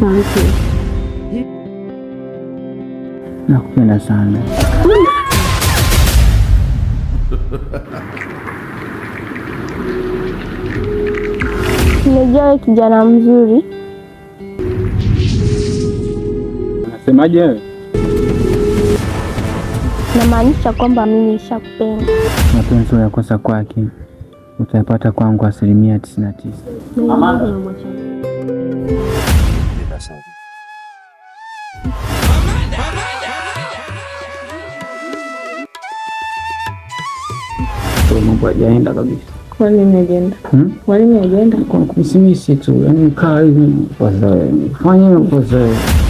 Asante, nakupenda sana. kijana mzuri. Unasemaje wewe? Namaanisha kwamba mimi nishakupenda. Mapenzi uyakosa kwake utayapata kwangu asilimia tisini na tisa vibaya sana. Mungu hajaenda kabisa. Kwa nini hajaenda? Mwalimu hajaenda kwa kusimisi tu, yani kaa hivi upazae, fanya upazae.